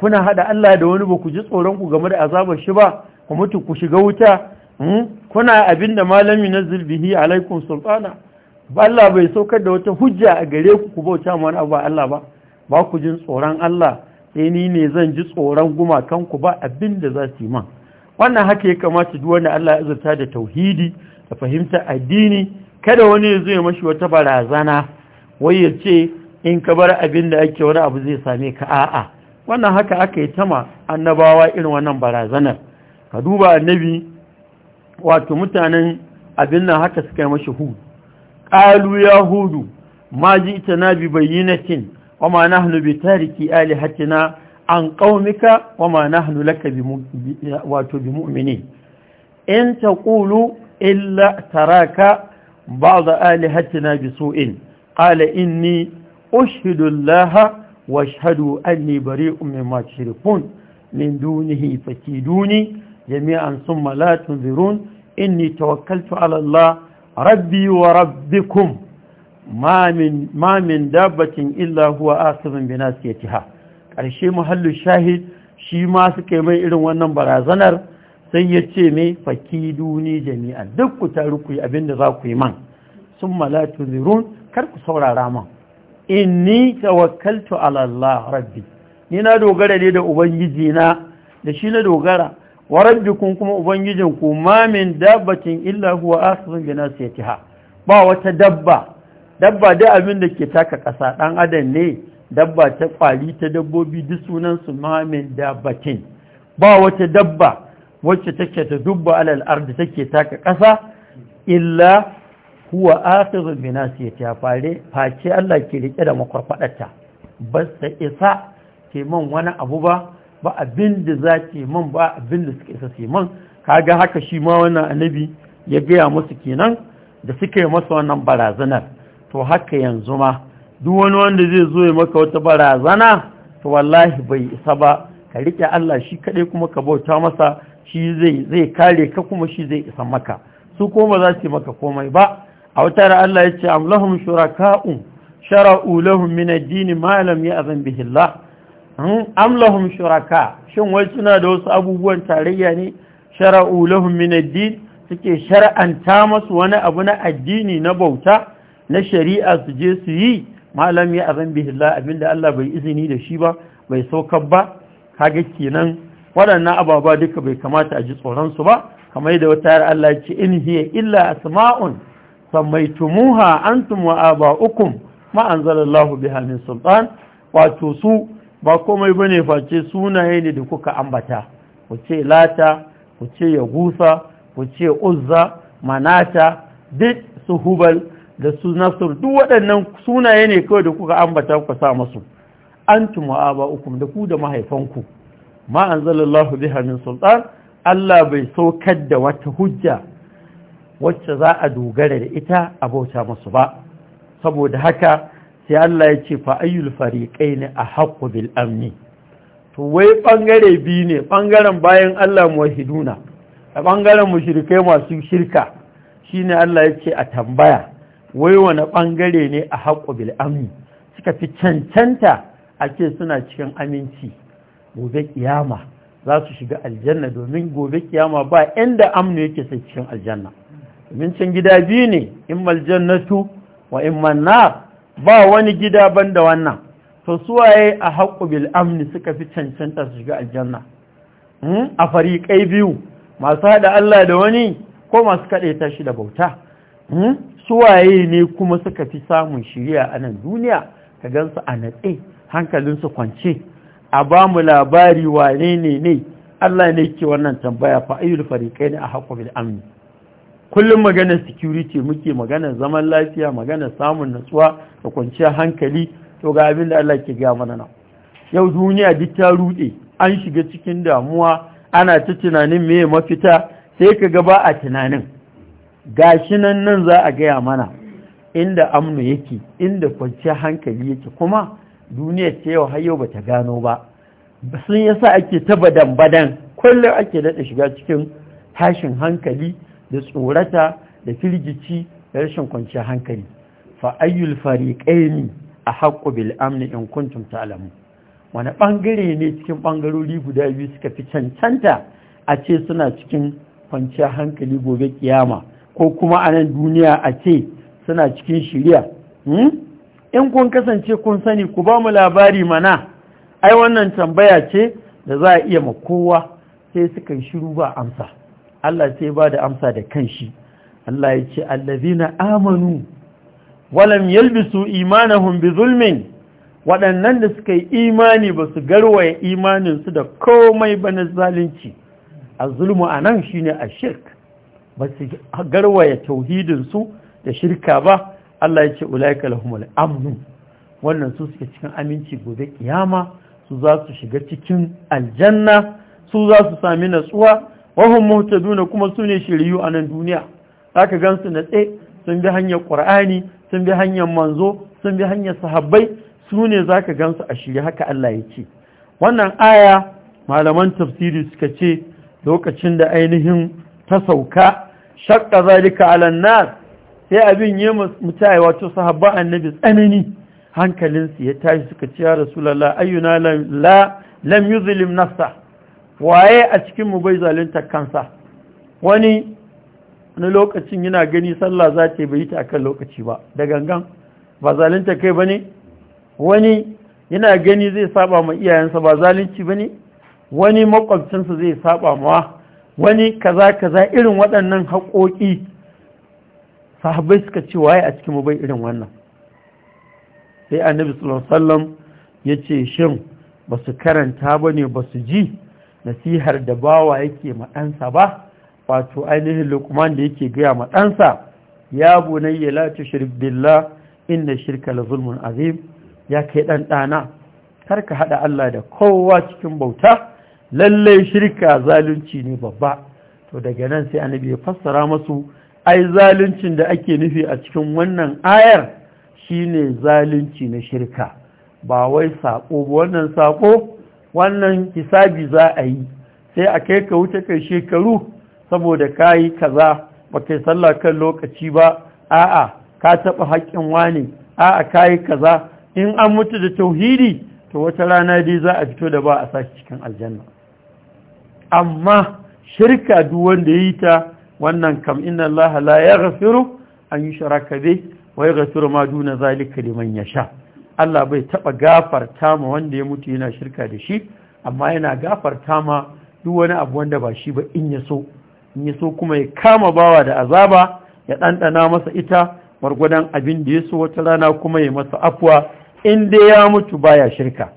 kuna hada Allah da wani ba ku ji tsoron ku game da azabar shi ba ku mutu ku shiga wuta hmm? kuna abinda malami nazil bihi alaikum sultana ba Allah bai saukar da wata hujja a gare ku ku bauta ma wani abu Allah ba ba ku jin tsoron Allah sai ni ne zan ji tsoron gumakan ku ba abinda za su yi man wannan haka ya kamata duk wanda Allah ya azurta da tauhidi da fahimta addini kada wani ya zo ya mashi wata barazana wai ya ce in ka bar abin da ake wani abu zai same ka a'a wannan haka aka yi tama annabawa irin wannan barazanar ka duba annabi wato mutanen abin nan haka suka yi mashi hudu ƙalu ya hudu ma ji ita na bi bayyanatin wa ma na hannu bi tariki alihatina an ƙaunika wa ma na hannu laka wato bi mu'mini in ta ƙulu illa taraka ba za alihatina bi su'in qala inni ushhidu allaha wa anni bari'un mimma tushrikun min dunihi fakiduni jami'an thumma la tunzirun inni tawakkaltu ala allah rabbi wa rabbikum ma min ma min dabbatin illa huwa asirun bi nasiyatiha ƙarshe muhallu shahid shi ma suka yi mai irin wannan barazanar sai ya ce mai fakiduni duni jami'an duk ku taru yi abin da za ku yi man sun malatu zirun kar ku saurara man inni tawakkaltu ala Allah rabbi ni na dogara ne da ubangiji na da shi na dogara wa rabbikum kuma ubangijin ku ma min dabbatin illa huwa akhidhun bi nasiyatiha ba wata dabba dabba dai abin da ke taka ƙasa ɗan adam ne dabba ta kwali ta dabbobi duk sunan su ma min dabbatin ba wata dabba wacce take ta dubba alal ardi take taka ƙasa illa huwa akhidhu bi nasiyati fare face Allah ke rike da makwarfadarta ba sa isa ke man wani abu ba ba abin da za ke man ba abin da suka isa ke man kaga haka shi ma wannan annabi ya gaya musu kenan da suka yi masa wannan barazanar to haka yanzu ma duk wani wanda zai zo ya maka wata barazana to wallahi bai isa ba ka rike Allah shi kaɗai kuma ka bauta masa shi zai kare ka kuma shi zai isa maka su kuma za su yi maka komai ba a wutar Allah ya ce amlahum shuraka'u shara'u lahum addini ad-din ma lam ya'zan hmm? shuraka shin wai suna da wasu abubuwan tarayya ne shara'u lahum min suke shar'anta masu wani abu na addini na bauta na shari'a su je su yi malam ya azan bihillah abinda Allah bai izini da shi ba bai saukar ba kaga kenan waɗannan ababa duka bai kamata a ji tsoron su ba kamar da wata yar Allah ce in hiya illa asma'un sammaitumuha antum wa aba'ukum ma anzalallahu biha min sultan wato su ba komai bane face sunaye ne da kuka ambata ku ce lata ku ce yagusa ku ce uzza manata duk su hubal da su nasur duk waɗannan sunaye ne kawai da kuka ambata kuka sa masu antum wa aba'ukum da ku da mahaifanku ma anzalallahu biha min sultan Allah bai saukar da wata hujja wacce za a dogara da ita a bauta musu ba saboda haka sai Allah ya ce fa ayyul ne a haƙƙo bil amni to wai ɓangare biyu ne bangaren bayan Allah muwahiduna a ɓangaren mushrikai masu shirka shine Allah ya ce a tambaya wai wane ɓangare ne a haƙƙo bil amni suka fi cancanta a ce suna cikin aminci gobe kiyama za su shiga aljanna domin gobe kiyama ba inda amnu yake sai cikin aljanna abincin gida biyu ne in maljannatu wa in manna ba wani gida banda wannan to suwaye a haƙƙu bil'amni suka fi cancanta su shiga aljanna hmm? a fariƙai biyu masu haɗa Allah da wani ko masu kaɗaita shi da bauta hmm? suwaye ne kuma suka fi samun shirya a nan duniya ka gansu a natse hankalinsu kwance a ba mu labari wane ne ne Allah ne ke wannan tambaya fa ayyul ne a haƙo amni kullum maganar security muke maganar zaman lafiya maganar samun natsuwa da kwanciyar hankali to ga abin da Allah ke ga mana nan yau duniya duk ta rude an shiga cikin damuwa ana ta tunanin me mafita sai ka ga ba a tunanin gashi nan nan za a gaya mana inda amnu yake inda kwanciyar hankali yake kuma duniya ce yau har yau bata gano ba sun yasa ake ta badan badan kullum ake daɗa shiga cikin tashin hankali da tsorata da firgici da rashin kwanciyar hankali fa ayyul fariqaini ahqqu bil amni in kuntum ta'lamun wani bangare ne cikin bangarori guda biyu suka fi cancanta a ce suna cikin kwanciya hankali gobe kiyama ko kuma a nan duniya a ce suna cikin shirya hmm? in kun kasance kun sani ku ba mu labari mana ai wannan tambaya ce da za a iya ma kowa sai suka yi shiru ba amsa Allah sai ba da amsa da kanshi Allah ya ce allazina amanu walam yalbisu imanahum bi zulmin waɗannan da suka yi imani ba su garwaye imaninsu da komai ba na zalunci a zulmu a nan shine a shirk ba su garwaye tauhidinsu da shirka ba Allah ya ce ulaika lahumul amnu wannan su suke cikin aminci gobe kiyama su za su shiga cikin aljanna su za su sami natsuwa wahun duna kuma su ne shiriyu a nan duniya zaka gansu na sun bi hanyar Ƙur'ani, sun bi hanyar manzo sun bi hanyar sahabbai su ne zaka gansu a shirya haka Allah ya ce wannan aya malaman tafsiri suka ce lokacin da ainihin ta sauka shakka zalika ala sai abin yi mutane wato sahabban annabi tsanani hankalinsu ya tashi suka ce ya rasulullah ayyuna la lam yuzlim nafsa waye a cikin mu bai zalunta kansa wani na lokacin yana gani sallah za ta bai ta akan lokaci ba da gangan ba zalunta kai bane wani yana gani zai saba ma iyayensa ba zalunci bane wani makwabcinsa zai saba ma wani kaza kaza irin waɗannan haƙoƙi sahabbai suka ce waye a cikin bai irin wannan sai annabi sallallahu alaihi wasallam yace shin basu karanta bane basu ji nasihar da bawa yake maɗansa ba wato ainihin lukman da yake gaya maɗansa ya bunayya la tushrik billah inda shirka la zulmun azim ya kai ɗanɗana ɗana. kar ka haɗa Allah da kowa cikin bauta Lallai shirka zalunci ne babba to daga nan sai annabi ya fassara masu ai zaluncin da ake nufi a cikin wannan ayar shine zalunci na shirka ba wai saƙo ba wannan saƙo. wannan hisabi za a yi sai a kai ka wuce kai shekaru saboda ka yi kaza ba kai sallah kan lokaci ba a'a ka taɓa haƙƙin wani a'a ka yi kaza in an mutu da tauhidi to wata rana dai za a fito da ba a sashi cikin aljanna amma shirka duk wanda yi ta wannan kam inna Allah la yaghfiru an yushraka bih wa yaghfiru ma duna zalika liman yasha' Allah bai taɓa gafarta ma wanda ya mutu yana shirka da shi amma yana gafarta ma duk wani abu wanda ba shi ba in ya so in ya so kuma ya kama bawa da azaba ya ɗanɗana masa ita gwargwadon abin da ya so wata rana kuma ya masa afuwa in dai ya mutu baya shirka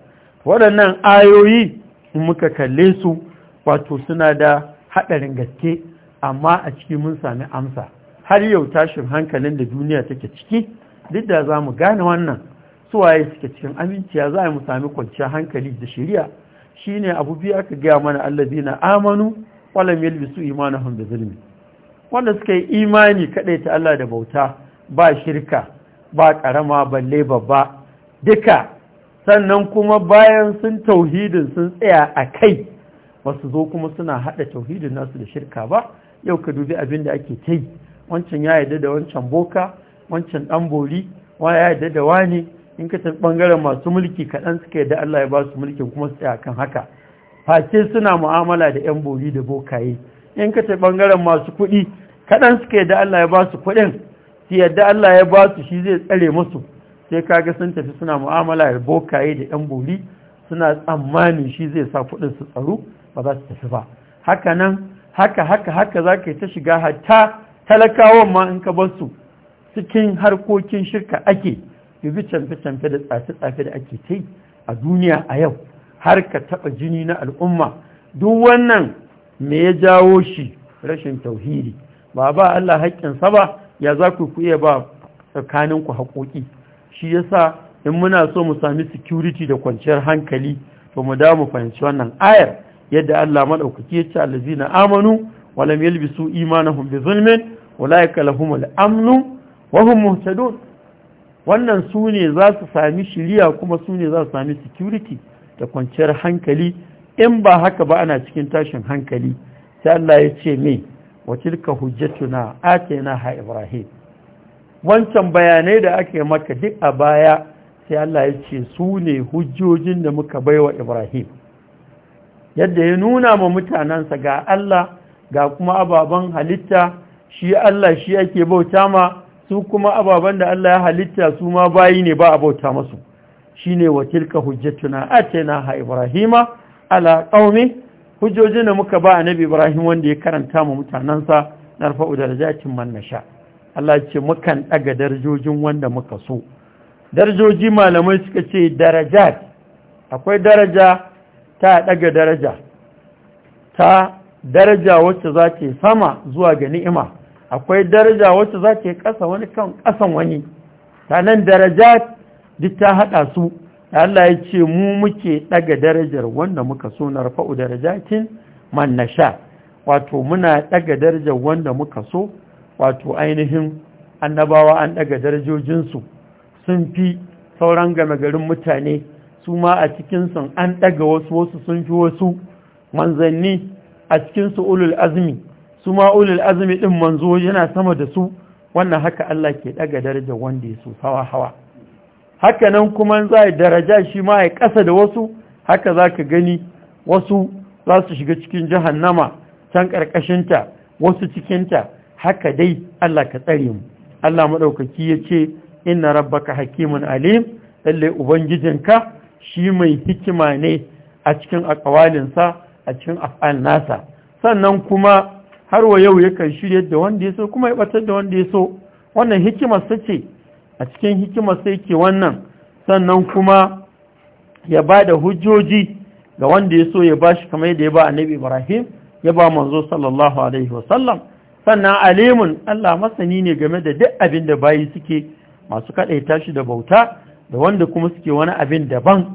waɗannan ayoyi in muka kalle su wato suna da haɗarin gaske amma a ciki mun sami amsa har yau tashin hankalin da duniya take ciki duk da za mu gane wannan suwaye suke cikin aminciya za mu sami kwanciyar hankali da shi ne abu biyu aka gaya mana allazina amanu walam yalbisu imanahum bi zulmi wanda suka yi imani kaɗai ta Allah da bauta ba shirka ba karama leba ba duka sannan kuma bayan sun tauhidin sun tsaya a kai basu zo kuma suna haɗa tauhidin nasu da shirka ba yau ka dubi abin da ake ta yi wancan ya yarda da wancan boka wancan dan bori wa ya yarda da wani in ka tafi ɓangaren masu mulki kaɗan suka yadda Allah ya ba su mulkin kuma su tsaya kan haka face suna mu'amala da 'yan bori da bokaye in ka tafi ɓangaren masu kuɗi kaɗan suka yadda Allah ya ba su kuɗin su yadda Allah ya ba su shi zai tsare musu sai kaga sun tafi suna mu'amala da bokaye da 'yan bori suna tsammanin shi zai sa kuɗin su tsaro ba za su tafi ba haka nan haka haka haka za ka yi ta shiga hatta talakawan ma in ka bar su cikin harkokin shirka ake bi canfe-canfe da tsafe-tsafe da ake ta a duniya a yau har ka taɓa jini na al'umma duk wannan me ya jawo shi rashin tauhiri. ba ba Allah haƙƙinsa ba ya za ku iya ba tsakaninku haƙoƙi shi ya sa in muna so mu sami security da kwanciyar hankali to mu da mu fahimci wannan ayar yadda Allah maɗaukaki ya ce allazina amanu walam yalbisu imanahum bi zulmin ulaika lahumul amnu wa hum muhtadun wannan su ne za su sami shiriya kuma su ne za su sami security da kwanciyar hankali in ba haka ba ana cikin tashin hankali sai Allah ya ce me wa tilka hujjatuna atayna ha ibrahim wancan bayanai da ake maka duk a baya sai Allah ya ce su ne hujjojin da muka baiwa ibrahim yadda ya nuna ma mutanansa ga Allah ga kuma ababen halitta shi Allah shi ake bauta ma su kuma ababen da Allah ya halitta su ma bayi ne ba a bauta masu shine wa tilka ce na ha ibrahima ala qaumi hujjojin da muka ba a nabi ibrahim wanda ya karanta mu mutanansa narfa'u darajatin man sha. Allah ce mukan ɗaga darajojin wanda muka so darajoji malamai suka ce daraja akwai daraja ta ɗaga daraja ta daraja wacce za ta sama zuwa ga ni'ima akwai daraja wacce za yi ƙasa wani kan ƙasan wani Ta nan daraja duk ta haɗa su Allah ya ce mu muke ɗaga darajar wanda muka so na rafa'u darajakin man na sha wato muna ɗaga darajar wanda muka so wato ainihin annabawa an ɗaga darajojinsu sun fi sauran game garin mutane su ma a cikinsu an ɗaga wasu wasu sun fi wasu manzanni a cikinsu ulul azmi su ulul azumi ɗin manzo yana sama da su wannan haka Allah ke ɗaga daraja wanda ya su hawa hawa haka nan kuma zai daraja shi ma ya ƙasa da wasu haka za ka gani wasu za su shiga cikin jahannama can ƙarƙashinta wasu cikinta haka dai Allah ka tsare mu Allah maɗaukaki ya ce inna rabbaka hakimun alim lallai ubangijinka shi mai hikima ne a cikin akawalinsa a cikin af'an nasa sannan kuma har wa yau yakan shirya da wanda ya so kuma ya batar da wanda ya so wannan hikimar sa ce a cikin hikimar sa yake wannan sannan kuma ya ba da hujjoji ga wanda ya so ya ba shi kamar yadda ya ba annabi Ibrahim ya ba manzo sallallahu alaihi wasallam sannan alimun Allah masani ne game da duk abin da bayi suke masu kaɗaita shi da bauta da wanda kuma suke wani abin daban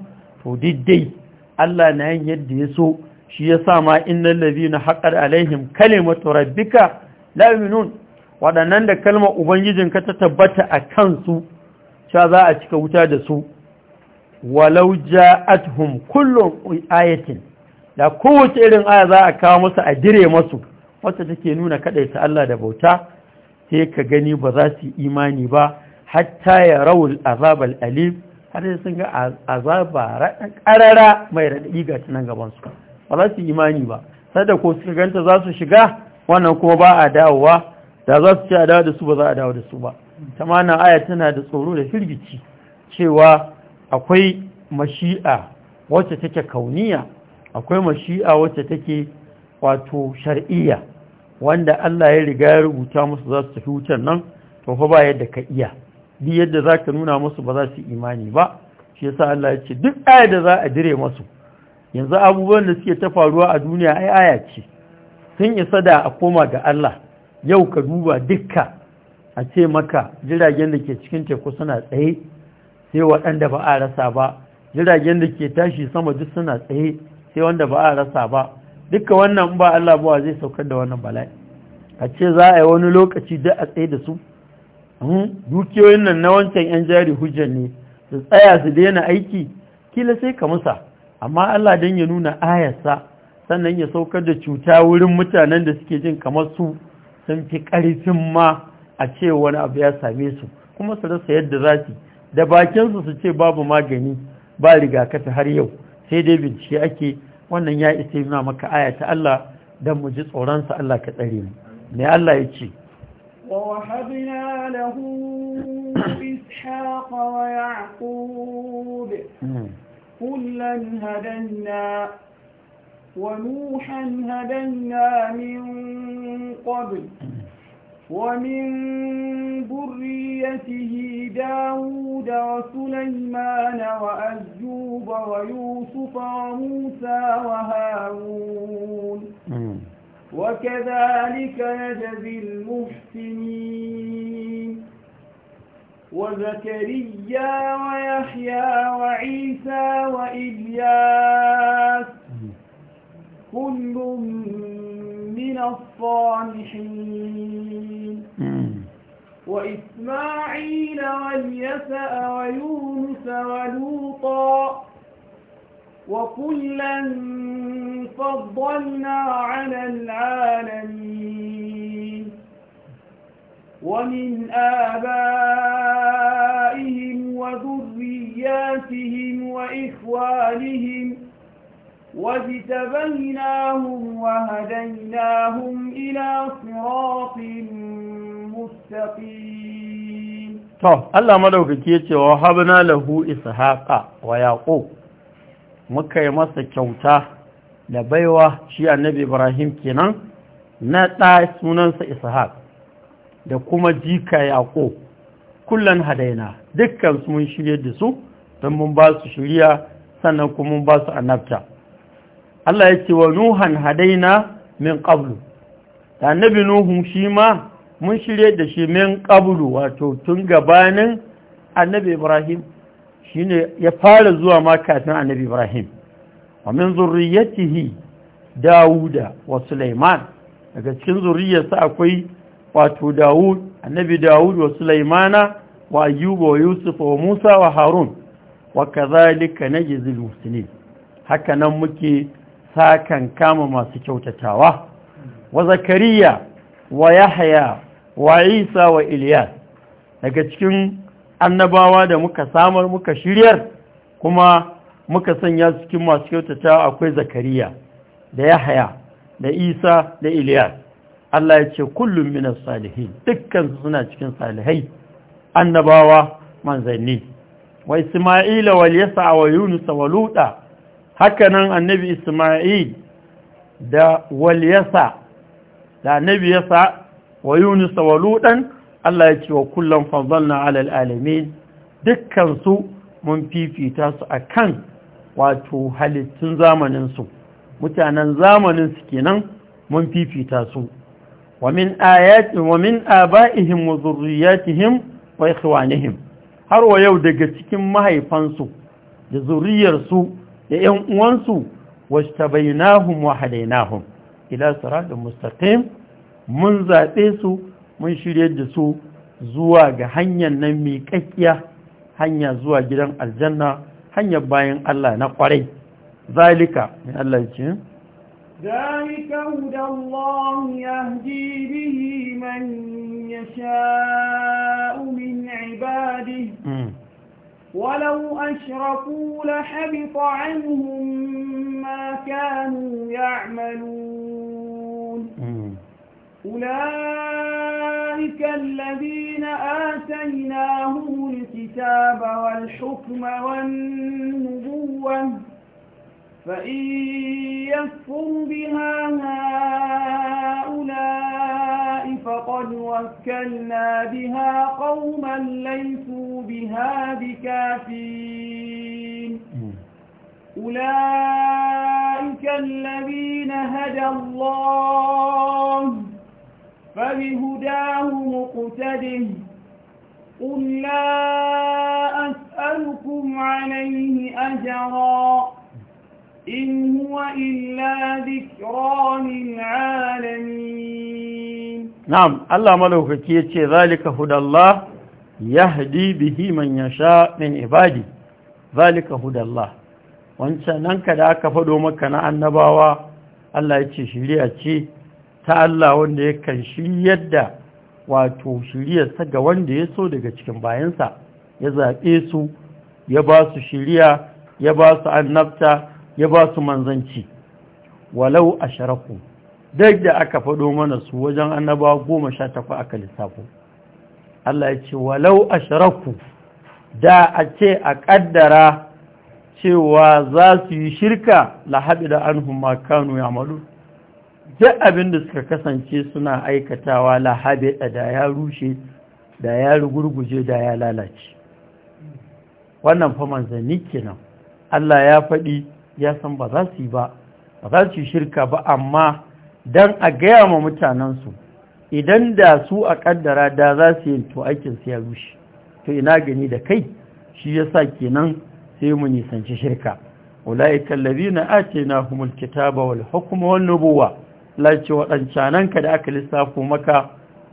to diddai Allah na yin yadda ya so shi ya sa ma innan na haƙar alaihim kalimatu rabbika laminun waɗannan da kalmar ka ta tabbata a kansu sha za a cika wuta da su walau ja'atuhum kullum ayatin da kowace irin aya za a kawo masu a dire masu wacce take nuna kaɗai ta Allah da bauta sai ka gani ba za su imani ba hatta ya rawul azabal al-alim har sai sun ga azaba ƙarara mai raɗaɗi ga nan gabansu. ba za su yi imani ba sada ko suka ganta za su shiga wannan kuma ba a dawowa da za su ce a dawo da su ba za a dawo da su ba Ta mana aya tana da tsoro da firgici cewa akwai mashi'a wacce take kauniya akwai mashi'a wacce take wato shar'iyya wanda Allah ya riga ya rubuta musu za su tafi wutar nan to fa ba yadda ka iya bi yadda za ka nuna musu ba za su imani ba shi yasa Allah ya ce duk aya da za a dire masu. yanzu abubuwan da suke ta faruwa a duniya ai aya ce sun isa da a koma ga Allah yau ka duba dukka a ce maka jiragen da ke cikin teku suna tsaye sai waɗanda ba a rasa ba jiragen da ke tashi sama duk suna tsaye sai wanda ba a rasa ba dukka wannan ba Allah ba zai saukar da wannan bala'i a ce za a yi wani lokaci duk a tsaye da su hmm? dukiyoyin nan na wancan 'yan jari hujjar ne su tsaya su daina aiki kila sai ka musa amma Allah don ya nuna ayasa sannan ya saukar da cuta wurin mutanen da suke jin kamar su sun fi ƙarfin ma a ce wani abu ya same su kuma su rasa yadda za su da bakinsu su ce babu magani ba rigakafi har yau sai dai bincike ake wannan ya isa nuna maka aya ta Allah don mu ji tsoronsa Allah ka tsare mu mai Allah ya ce كلا هدينا ونوحا هدينا من قبل ومن ذريته داود وسليمان وأيوب ويوسف وموسى وهارون وكذلك نجزي المحسنين وزكريا ويحيى وعيسى وإلياس كل من الصالحين وإسماعيل واليسع ويونس ولوطا وكلا فضلنا على العالمين ومن آبائهم وذرياتهم وإخوانهم واجتبيناهم وهديناهم إلى صراط مستقيم طب الله مدوكك يتي وهبنا له إسحاق ويعقوب muka yi masa kyauta da baiwa shi annabi Ibrahim kenan na ɗa sunansa Ishaq da kuma jika yaƙo kullum hadaina dukkan su mun shirya da su don mun ba su shirya sannan kuma mun ba su annabta Allah ya ce wa nuhan hadaina min qablu da annabi nuhu shi ma mun shirya da shi min qablu wato tun gabanin annabi ibrahim shine ya fara zuwa ma kafin annabi ibrahim wa min zurriyatihi dawuda wa sulaiman daga cikin zurriyarsa akwai wato Dawud annabi Dawud wa Sulaimana wa Ayyuba wa Yusuf wa Musa wa Harun wa kazalika najizul muslimin haka nan muke sakan kama masu kyautatawa wa Zakariya wa Yahya wa Isa wa Ilyas daga cikin annabawa da muka samar muka shiryar kuma muka sanya cikin masu kyautatawa akwai Zakariya da Yahya da Isa da Ilyas Allah ya ce kullum minas salihin dukkan suna cikin salihai annabawa manzanni wa Isma'ila wal yasa wa Yunus wa Luta hakanan annabi Isma'il da wal yasa da annabi yasa wa Yunus wa Lutan Allah ya ce wa kullum fadalna ala alamin dukkan su mun fifita su akan wato halittun zamanin su mutanen zamanin su kenan mun fifita su ومن آيات ومن آبائهم وذرياتهم وإخوانهم har wa yau daga cikin mahaifansu da zuriyarsu da ‘yan uwansu wasu tabayinahun wahadainahun ila da mustaqim mun zaɓe su mun shirya da su zuwa ga hanyar nan miƙaƙƙiya hanya zuwa gidan aljanna hanyar bayan Allah na ƙwarai zalika min Allah ce ذلك هدى الله يهدي به من يشاء من عباده ولو أشركوا لحبط عنهم ما كانوا يعملون أولئك الذين آتيناهم الكتاب والحكم والنبوة فإن يكفر بها هؤلاء فقد وكلنا بها قوما ليسوا بها بكافرين أولئك الذين هدى الله فبهداه مقتده قل لا أسألكم عليه أجراً إن هو إلا ذكرى للعالمين نعم الله ملوك كيتي ذلك هدى الله يهدي به من يشاء من عبادي ذلك هدى الله wancan nan da aka faɗo maka na annabawa Allah ya ce shiriya ce ta Allah wanda ya kan shiryar da wato shiryarsa ga wanda ya so daga cikin bayansa ya zaɓe su ya ba su shiriya ya ba su annabta ya ba su manzanci walau a sharaku duk da aka faɗo mana su wajen annaba goma sha takwa aka lissafo Allah ya ce walau a sharaku da a ce a ƙaddara cewa za su yi shirka lahabi da an huma kanu ya malu duk abinda suka kasance suna aikatawa lahabi da ya rushe da ya rugurguje da ya lalace wannan fa manzanni kenan Allah ya faɗi ya san ba za su yi ba ba za su shirka ba amma don a gaya ma mutanensu idan da su a kaddara da za su yi to aikinsu ya rushe to ina gani da kai shi ya sa kenan sai mu nisanci shirka kallabi labina ake na humul kitaba wal hukuma wal nubuwa lace ka da aka lissafo maka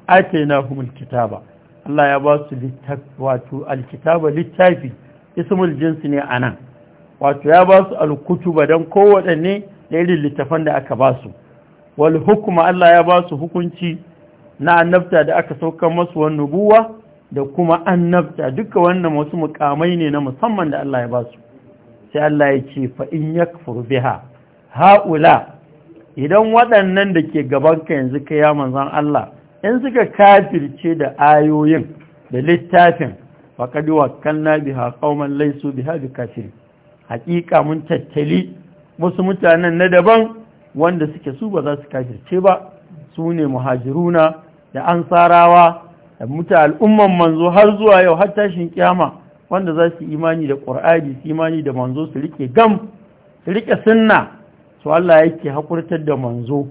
ake na humul kitaba Allah ya ba su wato alkitaba littafi ismul jinsi ne a nan wato ya ba su ba don kowaɗanne na irin littafan da aka ba su Wani hukuma Allah ya ba su hukunci na annabta da aka sauka masu wani buwa da kuma annabta duka wannan wasu mukamai ne na musamman da Allah ya ba su sai Allah ya ce fa in yakfur biha haula idan waɗannan da ke gabanka yanzu ka ya manzon Allah in suka kafirce da ayoyin da littafin faqad wakkalna biha qauman laisu biha kafiri haƙiƙa mun tattali wasu mutanen na daban wanda suke su ba za su kafirce ba su ne muhajiruna da ansarawa da muta al'umman manzo har zuwa yau har tashin kiyama wanda za su imani da ƙur'ani su imani da manzo su rike gam su rike sunna su Allah yake haƙurtar da manzo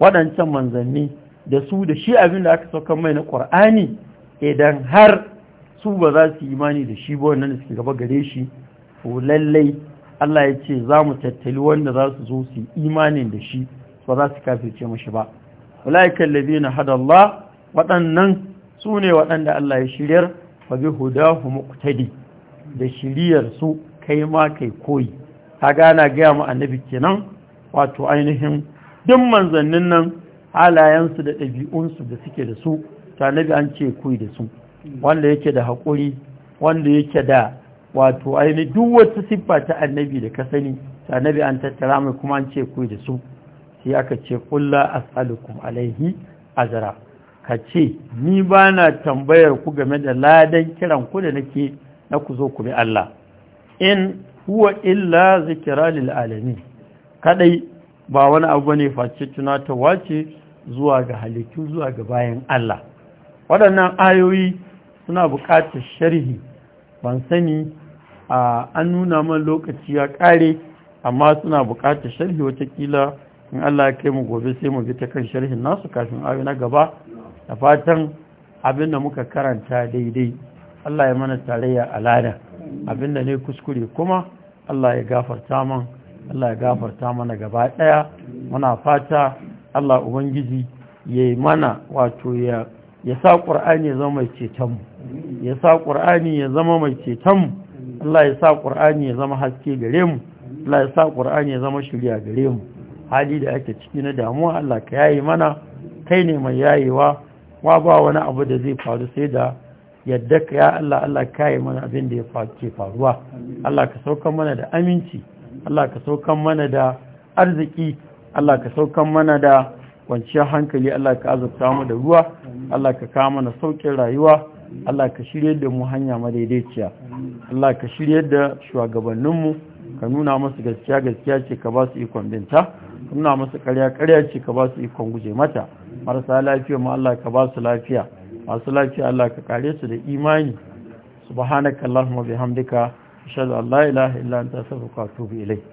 waɗancan manzanni da su da shi abin da aka saukan mai na ƙur'ani idan har su ba za su imani da shi ba wannan da suke gaba gare shi to lallai Allah ya ce za mu tattali wanda za su zo su imanin da shi ba za su kafirce mashi ba ulaikan ladina hada Allah waɗannan su ne waɗanda Allah ya shiryar fa bi hudahu muktadi da shiryar su kai ma kai koyi Ta gana gaya mu annabi kenan wato ainihin duk manzannin nan halayensu da ɗabi'unsu da suke da su ta nabi an ce koyi da su wanda yake da haƙuri wanda yake da wato ainihin duk wata siffa ta annabi da ka sani ta annabi an tattara mai kuma an ce ku da su sai aka ce kulla as'alukum alaihi azra ka ce ni ba na tambayar ku game da ladan kiran ku da nake na ku zo ku bi Allah in huwa illa zikira lil alamin kadai ba wani abu bane face tunatarwa ce zuwa ga halittu zuwa ga bayan Allah waɗannan ayoyi suna buƙatar sharhi ban sani an nuna man lokaci ya ƙare amma suna bukatar sharhi watakila in Allah ya kai mu gobe sai mu bi ta kan sharhin nasu kafin awi na gaba da fatan abin da muka karanta daidai Allah ya mana tarayya alada abin da ne kuskure kuma Allah ya gafarta man Allah ya gafarta mana gaba daya muna fata Allah Ubangiji ya yi mana wato ya sa ƙur'ani ya zama mai cetonmu ya sa ƙur'ani ya zama mai cetonmu Allah ya sa Qur'ani ya zama haske gare mu Allah ya sa Qur'ani ya zama shirya gare mu hali da ake ciki na damuwa Allah ka yaye mana kai ne mai yayewa wa ba wani abu da zai faru sai da yadda ka ya Allah Allah ka mana abin da ya ke faruwa Allah ka saukan mana da aminci Allah ka saukan mana da arziki Allah ka saukan mana da kwanciyar hankali Allah ka azabta mu da ruwa Allah ka kama mana saukin rayuwa Allah ka shirye da mu hanya madaidaiciya Allah ka shirye da shugabanninmu ka nuna masu gaskiya gaskiya ce ka ba su ikon binta nuna masu karya karya ce ka ba su ikon guje mata marasa lafiya ma Allah ka ba su lafiya masu lafiya Allah ka kare su da imani allahumma bihamdika ashhadu an la ilaha illa anta astaghfiruka wa atubu ilayk